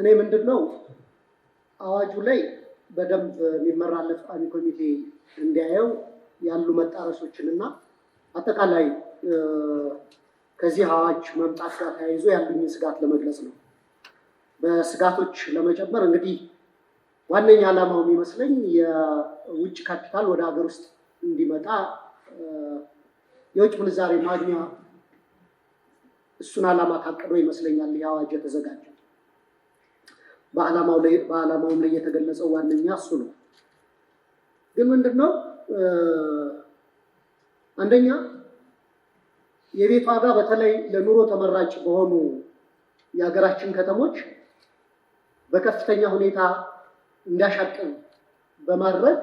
እኔ ምንድን ነው አዋጁ ላይ በደንብ የሚመራለት ቋሚ ኮሚቴ እንዲያየው ያሉ መጣረሶችን እና አጠቃላይ ከዚህ አዋጅ መምጣት ጋር ተያይዞ ያሉኝን ስጋት ለመግለጽ ነው። በስጋቶች ለመጨመር እንግዲህ ዋነኛ ዓላማው የሚመስለኝ የውጭ ካፒታል ወደ ሀገር ውስጥ እንዲመጣ የውጭ ምንዛሬ ማግኛ እሱን ዓላማ ታቅዶ ይመስለኛል ይህ አዋጅ የተዘጋጀው። በዓላማውም ላይ የተገለጸው ዋነኛ እሱ ነው። ግን ምንድን ነው አንደኛ የቤት ዋጋ በተለይ ለኑሮ ተመራጭ በሆኑ የሀገራችን ከተሞች በከፍተኛ ሁኔታ እንዲያሻቅም በማድረግ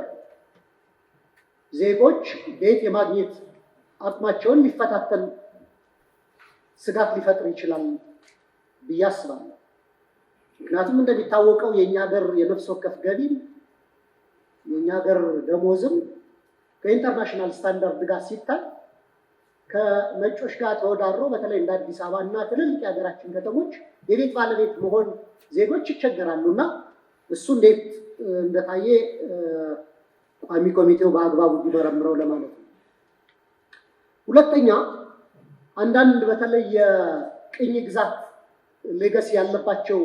ዜጎች ቤት የማግኘት አቅማቸውን ሊፈታተን ስጋት ሊፈጥር ይችላል ብዬ አስባለሁ። ምክንያቱም እንደሚታወቀው የእኛ ሀገር የነፍስ ወከፍ ገቢም የእኛ ሀገር ደሞዝም ከኢንተርናሽናል ስታንዳርድ ጋር ሲታይ ከመጮች ጋር ተወዳድሮ በተለይ እንደ አዲስ አበባ እና ትልልቅ የሀገራችን ከተሞች የቤት ባለቤት መሆን ዜጎች ይቸገራሉ እና እሱ እንዴት እንደታየ ቋሚ ኮሚቴው በአግባቡ እንዲመረምረው ለማለት ነው። ሁለተኛ አንዳንድ በተለይ የቅኝ ግዛት ሌገሲ ያለባቸው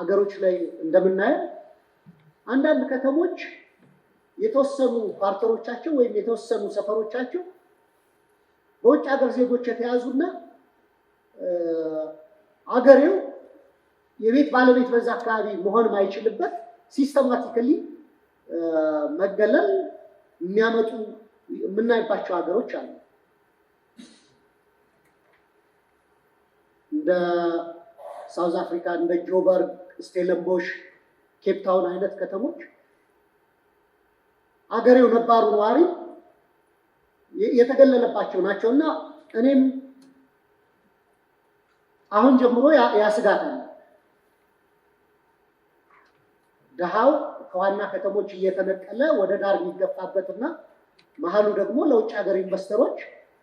አገሮች ላይ እንደምናየው አንዳንድ ከተሞች የተወሰኑ ፓርተሮቻቸው ወይም የተወሰኑ ሰፈሮቻቸው በውጭ ሀገር ዜጎች የተያዙና አገሬው የቤት ባለቤት በዛ አካባቢ መሆን ማይችልበት ሲስተማቲክሊ መገለል የሚያመጡ የምናይባቸው ሀገሮች አሉ። እንደ ሳውዝ አፍሪካ እንደ ጆበርግ፣ ስቴለንቦሽ፣ ኬፕታውን አይነት ከተሞች አገሬው ነባሩ ነዋሪ የተገለለባቸው ናቸው እና እኔም አሁን ጀምሮ ያስጋት አለ። ድሃው ከዋና ከተሞች እየተነቀለ ወደ ዳር የሚገፋበትና መሀሉ ደግሞ ለውጭ ሀገር ኢንቨስተሮች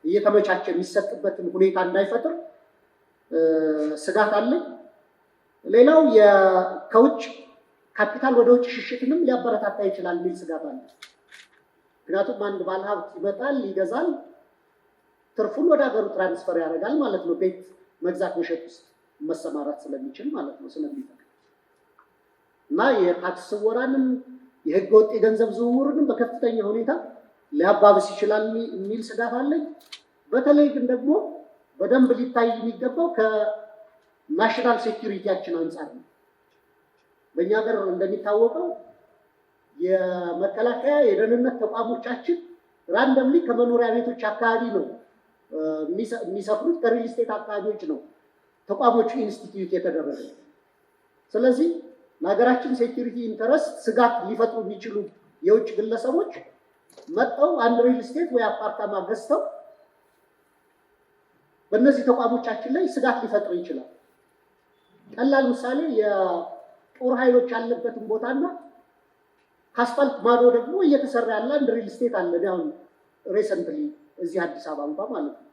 እየተመቻቸ የሚሰጥበትን ሁኔታ እንዳይፈጥር ስጋት አለኝ። ሌላው ከውጭ ካፒታል ወደ ውጭ ሽሽትንም ሊያበረታታ ይችላል የሚል ስጋት አለ። ምክንያቱም አንድ ባለሀብት ይመጣል፣ ይገዛል፣ ትርፉን ወደ ሀገሩ ትራንስፈር ያደርጋል ማለት ነው። ቤት መግዛት መሸጥ ውስጥ መሰማራት ስለሚችል ማለት ነው ስለሚጠቅም እና የታክስ ስወራንም የህገ ወጥ የገንዘብ ዝውውርንም በከፍተኛ ሁኔታ ሊያባብስ ይችላል የሚል ስጋት አለኝ። በተለይ ግን ደግሞ በደንብ ሊታይ የሚገባው ናሽናል ሴኪሪቲያችን አንጻር ነው። በእኛ ሀገር እንደሚታወቀው የመከላከያ የደህንነት ተቋሞቻችን ራንደምሊ ከመኖሪያ ቤቶች አካባቢ ነው የሚሰፍሩት፣ ከሪል ስቴት አካባቢዎች ነው ተቋሞቹ ኢንስቲትዩት የተደረገ። ስለዚህ ለሀገራችን ሴኪሪቲ ኢንተረስት ስጋት ሊፈጥሩ የሚችሉ የውጭ ግለሰቦች መጥተው አንድ ሪል ስቴት ወይ አፓርታማ ገዝተው በእነዚህ ተቋሞቻችን ላይ ስጋት ሊፈጥሩ ይችላል። ቀላል ምሳሌ የጦር ኃይሎች ያለበትን ቦታና ከአስፋልት ማዶ ደግሞ እየተሰራ ያለ አንድ ሪል ስቴት አለ። አሁን ሬሰንትሊ እዚህ አዲስ አበባ እንኳ ማለት ነው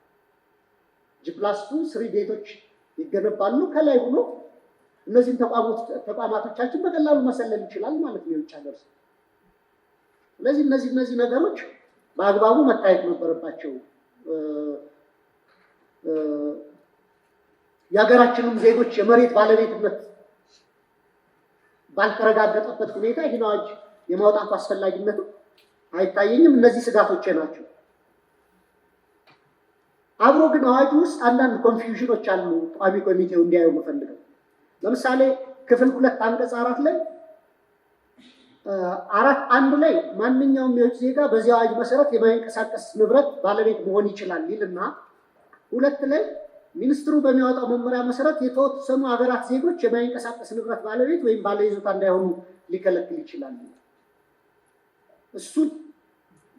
ጅፕላስቱ ስሪ ቤቶች ይገነባሉ። ከላይ ሆኖ እነዚህን ተቋማቶቻችን በቀላሉ መሰለል ይችላል ማለት ነው የውጭ ሀገር። ስለዚህ እነዚህ እነዚህ ነገሮች በአግባቡ መታየት ነበረባቸው። የሀገራችንም ዜጎች የመሬት ባለቤትነት ባልተረጋገጠበት ሁኔታ ይህን አዋጅ የማውጣቱ አስፈላጊነትም አይታየኝም። እነዚህ ስጋቶቼ ናቸው። አብሮ ግን አዋጁ ውስጥ አንዳንድ ኮንፊውዥኖች አሉ። ቋሚ ኮሚቴው እንዲያየው መፈልገው ለምሳሌ ክፍል ሁለት አንቀጽ አራት ላይ አራት አንድ ላይ ማንኛውም የውጭ ዜጋ በዚህ አዋጅ መሰረት የማይንቀሳቀስ ንብረት ባለቤት መሆን ይችላል ይልና ሁለት ላይ ሚኒስትሩ በሚያወጣው መመሪያ መሰረት የተወሰኑ ሀገራት ዜጎች የማይንቀሳቀስ ንብረት ባለቤት ወይም ባለይዞታ እንዳይሆኑ ሊከለክል ይችላል። እሱ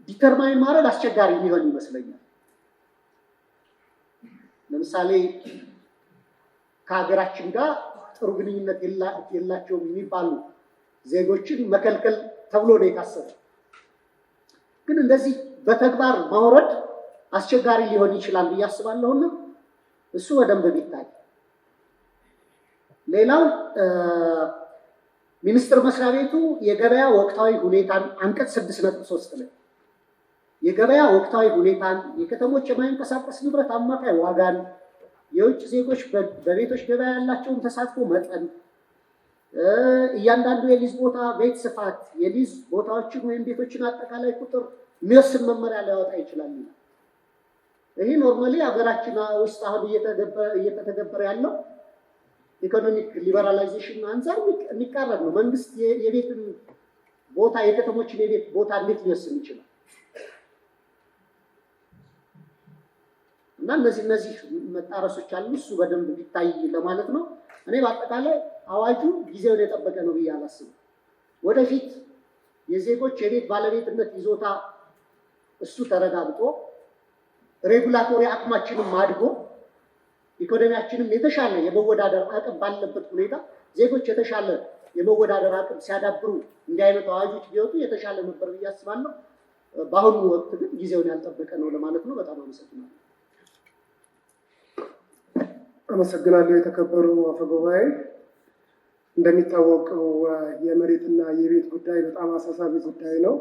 ዲተርማይን ማድረግ አስቸጋሪ ሊሆን ይመስለኛል። ለምሳሌ ከሀገራችን ጋር ጥሩ ግንኙነት የላቸውም የሚባሉ ዜጎችን መከልከል ተብሎ ነው የታሰበ። ግን እንደዚህ በተግባር ማውረድ አስቸጋሪ ሊሆን ይችላል ብዬ አስባለሁና እሱ በደንብ ቢታይ። ሌላው ሚኒስቴር መስሪያ ቤቱ የገበያ ወቅታዊ ሁኔታን አንቀጽ ስድስት ነጥብ ሶስት ላይ የገበያ ወቅታዊ ሁኔታን፣ የከተሞች የማይንቀሳቀስ ንብረት አማካይ ዋጋን፣ የውጭ ዜጎች በቤቶች ገበያ ያላቸውን ተሳትፎ መጠን፣ እያንዳንዱ የሊዝ ቦታ ቤት ስፋት፣ የሊዝ ቦታዎችን ወይም ቤቶችን አጠቃላይ ቁጥር የሚወስን መመሪያ ሊያወጣ ይችላል ይላል። ይሄ ኖርማሊ ሀገራችን ውስጥ አሁን እየተተገበረ ያለው ኢኮኖሚክ ሊበራላይዜሽን አንጻር የሚቃረን ነው። መንግስት የቤትን ቦታ የከተሞችን የቤት ቦታ እንዴት ሊወስን ይችላል? እና እነዚህ እነዚህ መጣረሶች አሉ። እሱ በደንብ ቢታይ ለማለት ነው። እኔ በአጠቃላይ አዋጁ ጊዜውን የጠበቀ ነው ብዬ አላስብም። ወደፊት የዜጎች የቤት ባለቤትነት ይዞታ እሱ ተረጋግጦ ሬጉላቶሪ አቅማችንም አድጎ ኢኮኖሚያችንም የተሻለ የመወዳደር አቅም ባለበት ሁኔታ ዜጎች የተሻለ የመወዳደር አቅም ሲያዳብሩ እንዲህ አይነት አዋጆች ቢወጡ የተሻለ ነበር ብዬ አስባለሁ። በአሁኑ ወቅት ግን ጊዜውን ያልጠበቀ ነው ለማለት ነው። በጣም አመሰግናለሁ። አመሰግናለሁ። የተከበሩ አፈጉባኤ፣ እንደሚታወቀው የመሬትና የቤት ጉዳይ በጣም አሳሳቢ ጉዳይ ነው።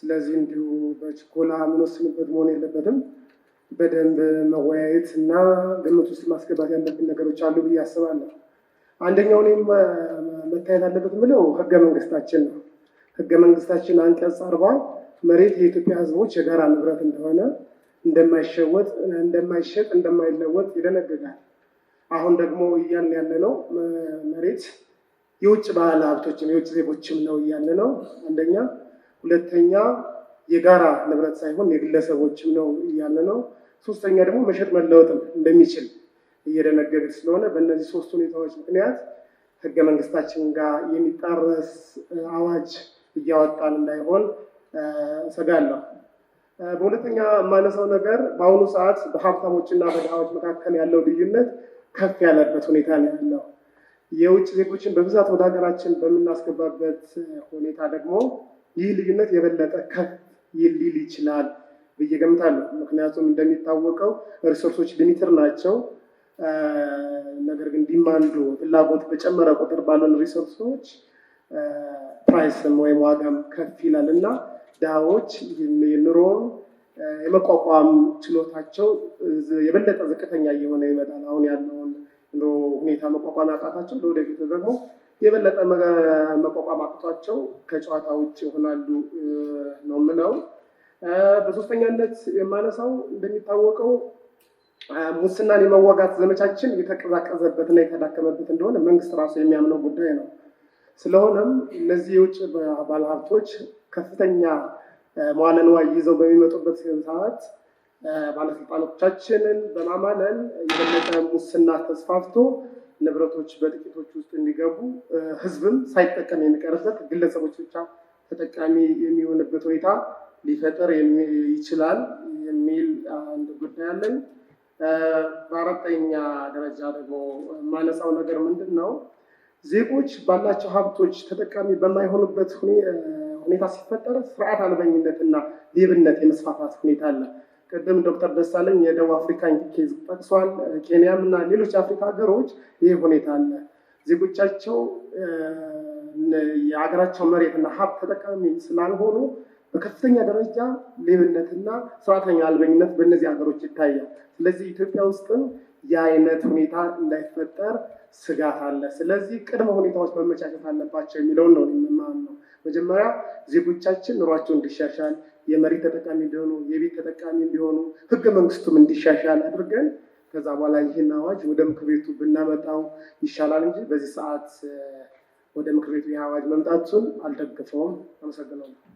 ስለዚህ እንዲሁ በችኮላ የምንወስንበት መሆን የለበትም። በደንብ መወያየት እና ግምት ውስጥ ማስገባት ያለብን ነገሮች አሉ ብዬ አስባለሁ። አንደኛው እኔም መታየት አለበት የምለው ህገ መንግስታችን ነው። ህገ መንግስታችን አንቀጽ አርባ መሬት የኢትዮጵያ ህዝቦች የጋራ ንብረት እንደሆነ እንደማይሸወጥ እንደማይሸጥ እንደማይለወጥ ይደነግጋል። አሁን ደግሞ እያልን ያለ ነው መሬት የውጭ ባለ ሀብቶችም የውጭ ዜጎችም ነው እያለ ነው አንደኛ ሁለተኛ የጋራ ንብረት ሳይሆን የግለሰቦችም ነው እያለ ነው። ሶስተኛ ደግሞ መሸጥ መለወጥም እንደሚችል እየደነገግ ስለሆነ በእነዚህ ሶስት ሁኔታዎች ምክንያት ህገ መንግስታችን ጋር የሚጣረስ አዋጅ እያወጣን እንዳይሆን እሰጋለሁ። በሁለተኛ የማነሳው ነገር በአሁኑ ሰዓት በሀብታሞችና በድሃዎች መካከል ያለው ልዩነት ከፍ ያለበት ሁኔታ ነው ያለው። የውጭ ዜጎችን በብዛት ወደ ሀገራችን በምናስገባበት ሁኔታ ደግሞ ይህ ልዩነት የበለጠ ከፍ ሊል ይችላል ብዬ ገምታለሁ። ምክንያቱም እንደሚታወቀው ሪሶርሶች ሊሚትር ናቸው። ነገር ግን ዲማንዱ ፍላጎት በጨመረ ቁጥር ባለን ሪሶርሶች ፕራይስም ወይም ዋጋም ከፍ ይላል እና ዳዎች የኑሮውን የመቋቋም ችሎታቸው የበለጠ ዝቅተኛ እየሆነ ይመጣል። አሁን ያለውን ኑሮ ሁኔታ መቋቋም ያቃታቸው ለወደፊቱ ደግሞ የበለጠ መቋቋም አቅቷቸው ከጨዋታ ውጭ ይሆናሉ ነው ምለው። በሶስተኛነት የማነሳው እንደሚታወቀው ሙስናን የመዋጋት ዘመቻችን የተቀዛቀዘበትና የተዳከመበት እንደሆነ መንግስት ራሱ የሚያምነው ጉዳይ ነው። ስለሆነም እነዚህ የውጭ ባለሀብቶች ከፍተኛ መዋለ ንዋይ ይዘው በሚመጡበት ሰዓት ባለስልጣኖቻችንን በማማለል የበለጠ ሙስና ተስፋፍቶ ንብረቶች በጥቂቶች ውስጥ እንዲገቡ ህዝብም ሳይጠቀም የሚቀርበት ግለሰቦች ብቻ ተጠቃሚ የሚሆንበት ሁኔታ ሊፈጠር ይችላል የሚል አንድ ጉዳይ አለን። በአራተኛ ደረጃ ደግሞ የማነሳው ነገር ምንድን ነው? ዜጎች ባላቸው ሀብቶች ተጠቃሚ በማይሆኑበት ሁኔታ ሲፈጠር ስርዓት እና ሌብነት የመስፋፋት ሁኔታ አለ። ቅድም ዶክተር ደሳለኝ የደቡብ አፍሪካ ኬዝ ጠቅሷል። ኬንያም እና ሌሎች አፍሪካ ሀገሮች ይህ ሁኔታ አለ። ዜጎቻቸው የሀገራቸው መሬትና ሀብት ተጠቃሚ ስላልሆኑ በከፍተኛ ደረጃ ሌብነትና ስርዓተኛ አልበኝነት በእነዚህ ሀገሮች ይታያል። ስለዚህ ኢትዮጵያ ውስጥም የአይነት ሁኔታ እንዳይፈጠር ስጋት አለ። ስለዚህ ቅድመ ሁኔታዎች መመቻቸት አለባቸው የሚለውን ነው የምማም ነው። መጀመሪያ ዜጎቻችን ኑሯቸው እንዲሻሻል የመሬት ተጠቃሚ እንዲሆኑ፣ የቤት ተጠቃሚ እንዲሆኑ፣ ህገ መንግስቱም እንዲሻሻል አድርገን ከዛ በኋላ ይህን አዋጅ ወደ ምክር ቤቱ ብናመጣው ይሻላል እንጂ በዚህ ሰዓት ወደ ምክር ቤቱ ይህ አዋጅ መምጣቱን አልደግፈውም። አመሰግናለሁ።